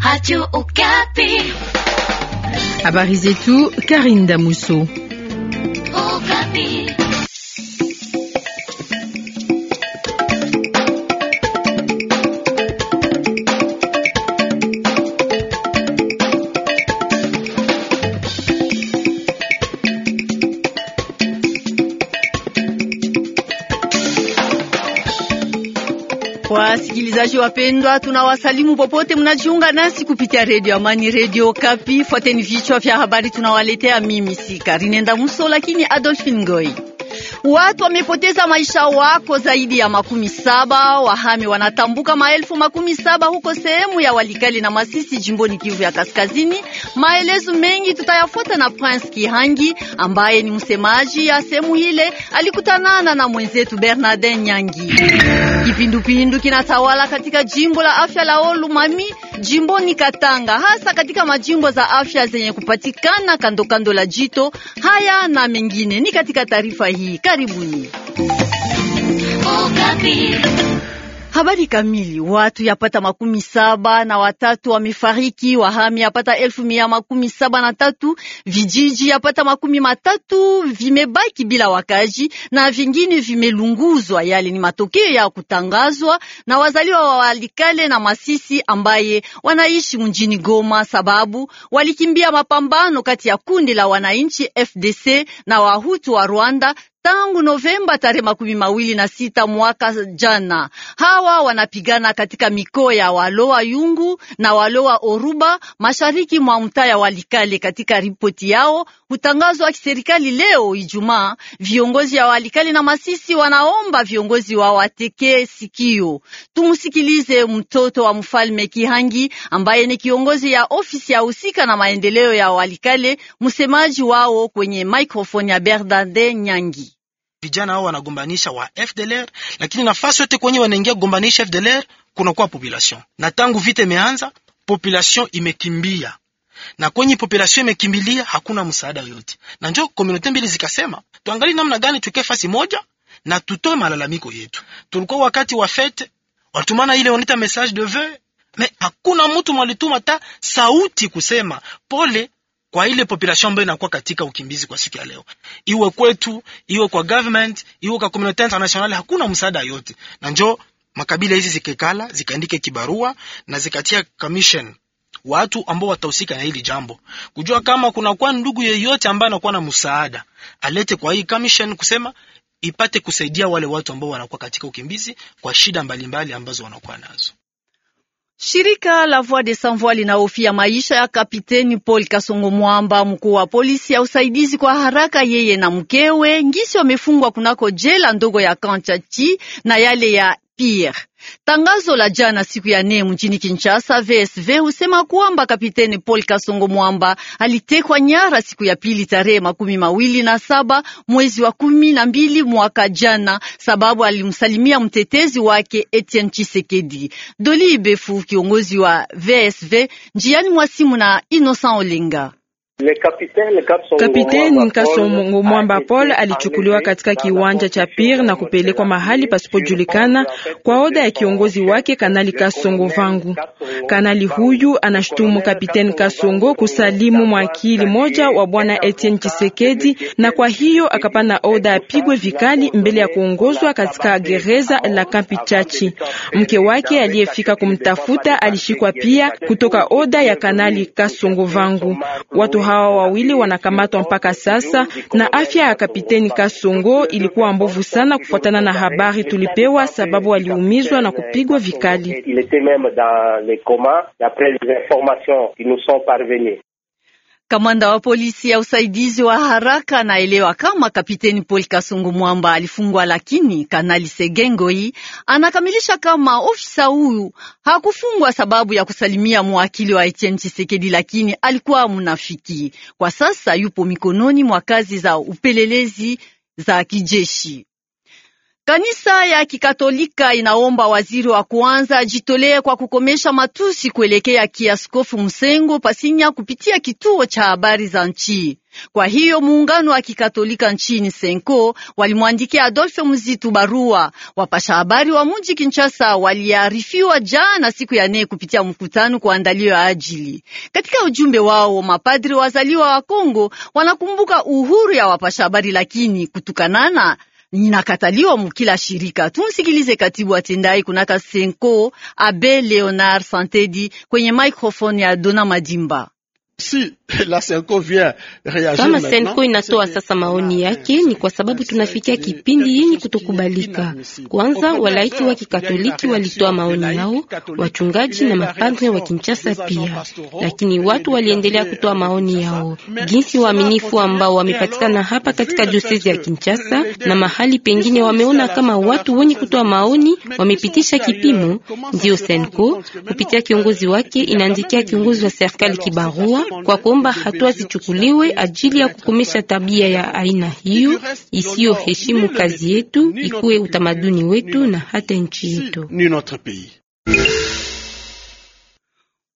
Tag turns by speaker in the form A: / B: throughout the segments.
A: Radio Okapi.
B: Habari zetu Karinda Muso.
A: Okapi.
C: Wasikilizaji wapendwa, tunawasalimu popote mnajiunga nasi kupitia redio Amani, redio Kapi. Fuateni vichwa vya habari tunawaletea, mimi si Karine Ndamuso, lakini Adolfin Ngoi. Watu wamepoteza maisha wako zaidi ya makumi saba. Wahami wanatambuka maelfu makumi saba huko sehemu ya Walikali na Masisi jimboni Kivu ya Kaskazini. Maelezo mengi tutayafuata na Prince Kihangi ambaye ni msemaji ya sehemu ile, alikutanana na mwenzetu Bernardin Nyangi. Kipindupindu kinatawala katika jimbo la afya la Olumami jimboni Katanga, hasa katika majimbo za afya zenye kupatikana kandokando la jito haya na mengine, ni katika taarifa hii. Karibuni. Oh, Habari kamili. Watu yapata makumi saba na watatu wamefariki, wahami yapata elfu mia makumi saba na tatu, vijiji yapata makumi matatu vimebaki bila wakaji na vingine vimelunguzwa. Yale ni matokeo ya kutangazwa na wazaliwa wa Walikale na Masisi ambaye wanaishi mjini Goma, sababu walikimbia mapambano kati ya kundi la wananchi FDC na wahutu wa Rwanda tangu Novemba tarehe makumi mawili na sita mwaka jana. Hawa wanapigana katika mikoa ya Waloa Yungu na Waloa Oruba mashariki mwa mtaa ya Walikale. Katika ripoti yao hutangazwa kiserikali leo Ijumaa, viongozi ya Walikale na Masisi wanaomba viongozi wa watekee sikio. tumsikilize mtoto wa mfalme Kihangi ambaye ni kiongozi ya ofisi ya husika na maendeleo ya Walikale, msemaji wao kwenye maikrofoni ya Bernarde Nyangi
D: vijana hao wanagombanisha wa FDLR, lakini nafasi yote kwenye wanaingia kugombanisha FDLR kunakuwa population, na tangu vita imeanza population imekimbia na kwenye population imekimbilia, hakuna msaada yoyote, na njo komunote mbili zikasema tuangalie namna gani tukae fasi moja na tutoe malalamiko yetu. Tulikuwa wakati wa fete, watumana ile wanita message de vœux, me hakuna mtu mwalituma ta sauti kusema pole kwa ile population ambayo inakuwa katika ukimbizi kwa siku ya leo, iwe kwetu, iwe kwa government, iwe kwa community international, hakuna msaada yote, na njo makabila hizi zikekala zikaandike kibarua na zikatia commission watu ambao watahusika na hili jambo, kujua kama kuna kwa ndugu yeyote ambaye anakuwa na msaada alete kwa hii commission kusema ipate kusaidia wale watu ambao wanakuwa katika ukimbizi kwa shida mbalimbali mbali ambazo wanakuwa nazo.
C: Shirika la Voix des Sans Voix linahofia maisha ya Kapiteni Paul Kasongo Mwamba, mkuu wa polisi ya usaidizi kwa haraka. Yeye na mkewe ngisi wamefungwa kunako jela ndogo ya Kanchachi na yale ya Pire. Tangazo la jana siku ya nne mjini Kinshasa, VSV husema kwamba kapiteni Paul Kasongo Mwamba alitekwa nyara siku ya pili tarehe makumi mawili na saba mwezi wa kumi na mbili mwaka jana, sababu alimsalimia mtetezi wake Etienne Chisekedi. Doli Ibefu, kiongozi wa VSV, njiani mwa simu na Innocent Olinga.
E: Kapiteni
C: kasongo Mwamba Paul
B: alichukuliwa katika kiwanja cha Pir na kupelekwa mahali pasipojulikana kwa oda ya kiongozi wake Kanali Kasongo Vangu. Kanali huyu anashutumu Kapiteni Kasongo kusalimu mwakili moja wa Bwana Etienne chisekedi na kwa hiyo akapana oda apigwe vikali mbele ya kuongozwa katika gereza la Kampi Chachi. Mke wake aliyefika kumtafuta alishikwa pia kutoka oda ya Kanali Kasongo Vangu. Watu hawa wawili wanakamatwa mpaka sasa, na afya ya kapiteni Kasongo ilikuwa mbovu sana, kufuatana na habari tulipewa, sababu aliumizwa na kupigwa vikali.
C: Kamanda wa polisi ya usaidizi wa haraka anaelewa kama Kapiteni Paul Kasungu Mwamba alifungwa, lakini Kanali Segengoi anakamilisha kama ofisa huyu hakufungwa sababu ya kusalimia mwakili wa Etienne chisekedi lakini alikuwa mnafiki Kwa sasa yupo mikononi mwa kazi za upelelezi za kijeshi. Kanisa ya Kikatolika inaomba waziri wa kwanza ajitolee kwa kukomesha matusi kuelekea kiaskofu Msengo Pasinya kupitia kituo cha habari za nchi. Kwa hiyo muungano wa Kikatolika nchini Senko walimwandikia Adolfo Muzitu barua. Wapasha habari wa mji Kinshasa waliarifiwa jana siku ya nne kupitia mkutano kuandaliwa ajili. Katika ujumbe wao, mapadri wazaliwa wa Kongo wanakumbuka uhuru ya wapasha habari, lakini kutukanana inakataliwa mukila shirika. Tumsikilize katibu atendai kunaka Senko Abe Leonard Santedi kwenye microphone ya Dona Madimba.
D: Si la Senko vient reagir kama Senko
C: inatoa
A: sasa maoni yake, ni kwa sababu tunafikia kipindi yenye kutokubalika. Kwanza walaiki wa Kikatoliki walitoa maoni yao, wachungaji na mapadre wa Kinshasa pia, lakini watu waliendelea kutoa maoni yao. Jinsi waaminifu ambao wamepatikana hapa katika diosezi ya Kinshasa na mahali pengine, wameona kama watu wenye kutoa maoni wamepitisha kipimo, euh, ndio Senko kupitia kiongozi wake inaandikia kiongozi wa serikali kibarua kwa kuomba hatua zichukuliwe ajili ya kukomesha tabia ya aina hiyo isiyoheshimu kazi yetu, ikuwe utamaduni wetu
C: na hata nchi yetu.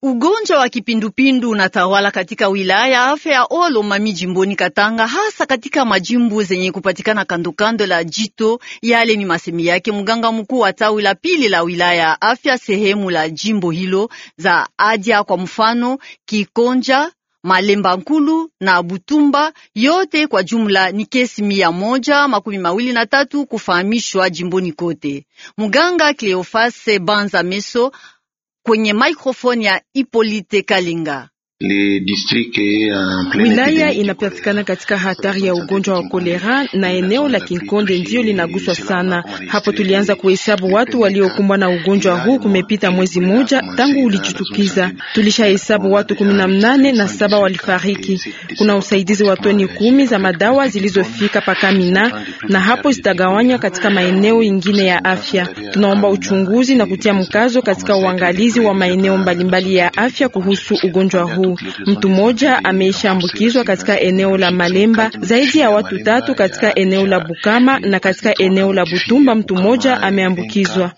C: Ugonjwa wa kipindupindu unatawala katika wilaya ya afya ya Olomami jimboni Katanga, hasa katika majimbo zenye kupatikana kandokando la jito. Yale ni masemi yake mganga mkuu wa tawi la pili la wilaya ya afya sehemu la jimbo hilo za Adia, kwa mfano Kikonja, Malemba Nkulu na Butumba yote kwa jumla ni kesi mia moja makumi mawili na tatu kufahamishwa jimboni kote. Muganga Cleofase Banza Meso kwenye maikrofoni ya Ipolite Kalinga. Euh, Wilaya inapatikana katika hatari
B: ya ugonjwa wa kolera na eneo la Kinkonde ndiyo linaguswa sana. Hapo tulianza kuhesabu watu waliokumbwa na ugonjwa huu, kumepita mwezi moja tangu ulijitukiza. Tulishahesabu watu kumi na mnane na saba walifariki. Kuna usaidizi wa toni kumi za madawa zilizofika pakamina na hapo zitagawanywa katika maeneo ingine ya afya. Tunaomba uchunguzi na kutia mkazo katika uangalizi wa maeneo mbalimbali ya afya kuhusu ugonjwa huu. Mtu mmoja ameshaambukizwa katika eneo la Malemba, zaidi ya watu tatu katika eneo la Bukama na katika eneo la Butumba mtu mmoja ameambukizwa.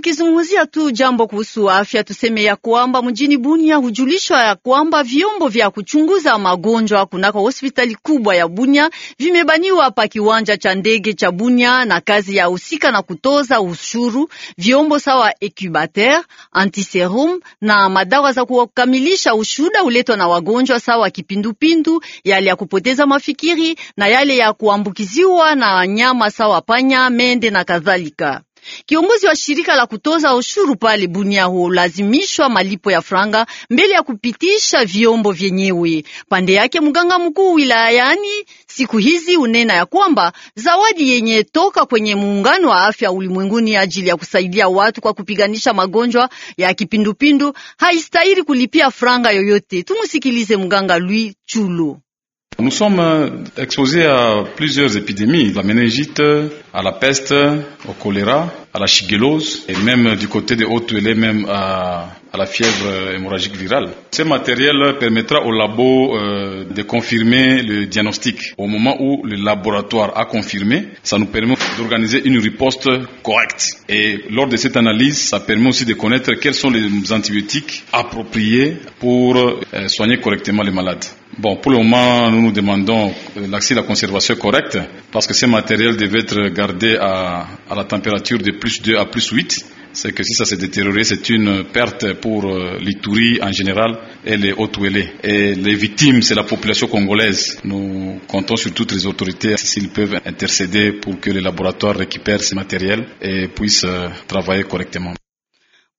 C: Tukizungumzia tu jambo kuhusu afya, tuseme ya kwamba mjini Bunia hujulishwa ya kwamba vyombo vya kuchunguza magonjwa kunako hospitali kubwa ya Bunia vimebaniwa pa kiwanja cha ndege cha Bunia, na kazi ya husika na kutoza ushuru vyombo sawa incubateur, antiserum na madawa za kukamilisha ushuda uletwa na wagonjwa sawa kipindupindu, yale ya kupoteza mafikiri na yale ya kuambukiziwa na nyama sawa panya, mende na kadhalika. Kiongozi wa shirika la kutoza ushuru pale Bunia hulazimishwa malipo ya franga mbele ya kupitisha vyombo vyenyewe. Pande yake mganga mkuu wilayani siku hizi unena ya kwamba zawadi yenye toka kwenye muungano wa afya ulimwenguni ajili ya kusaidia watu kwa kupiganisha magonjwa ya kipindupindu haistahili kulipia franga yoyote. Tumusikilize mganga Louis Chulo.
E: Nous sommes euh, exposés à plusieurs épidémies, la méningite, à la peste, au choléra, à la chigellose et même du côté des hautes même à, la fièvre euh, hémorragique virale. Ce matériel permettra au labo euh, de confirmer le diagnostic. Au moment où le laboratoire a confirmé, ça nous permet d'organiser une riposte correcte. Et lors de cette analyse, ça permet aussi de connaître quels sont les antibiotiques appropriés pour soigner correctement les malades. Bon, pour le moment, nous nous demandons euh, l'accès à la conservation correcte parce que ces matériels devaient être gardés à, à la température de plus 2 à plus 8 c'est que si ça s'est détérioré, c'est une perte pour euh, l'ITOURI en général et les hautes Et les victimes, c'est la population congolaise. Nous comptons sur toutes les autorités s'ils peuvent intercéder pour que les laboratoires récupèrent ces matériels et puissent euh, travailler correctement.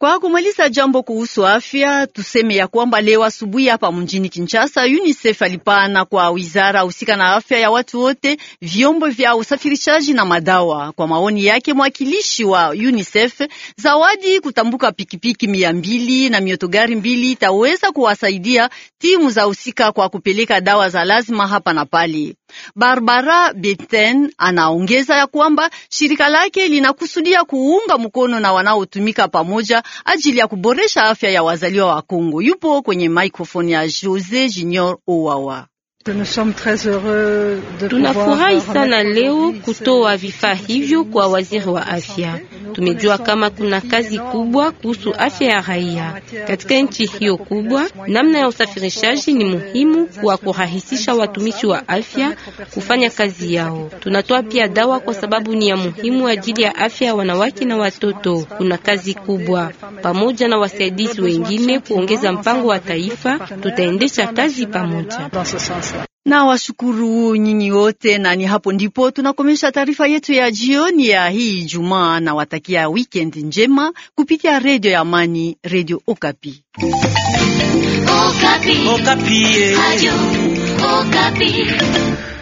C: Kwa kumaliza jambo kuhusu afya, tuseme ya kwamba leo asubuhi hapa mjini Kinshasa, UNICEF alipana kwa wizara husika na afya ya watu wote vyombo vya usafirishaji na madawa. Kwa maoni yake mwakilishi wa UNICEF, zawadi kutambuka pikipiki mia mbili na mioto gari mbili itaweza kuwasaidia timu za husika kwa kupeleka dawa za lazima hapa na pale. Barbara Beten anaongeza ya kwamba shirika lake linakusudia kuunga mkono na wanaotumika pamoja ajili ya kuboresha afya ya wazaliwa wa Kongo. Yupo kwenye maikrofoni ya Jose Junior Owawa. Tunafurahi sana leo
A: kutoa vifaa hivyo kwa waziri wa afya. Tumejua kama kuna kazi kubwa kuhusu afya ya raia katika nchi hiyo kubwa. Namna ya usafirishaji ni muhimu kwa kurahisisha watumishi wa afya kufanya kazi yao. Tunatoa pia dawa kwa sababu ni ya muhimu ajili ya afya ya wanawake na watoto. Kuna kazi kubwa pamoja na wasaidizi wengine kuongeza mpango wa taifa. Tutaendesha kazi pamoja
C: na washukuru nyinyi wote, na ni hapo ndipo tunakomesha taarifa yetu ya jioni ya hii Jumaa, na watakia weekend njema kupitia redio ya Amani, redio Okapi. Okapi. Okapi. Eh. Okapi.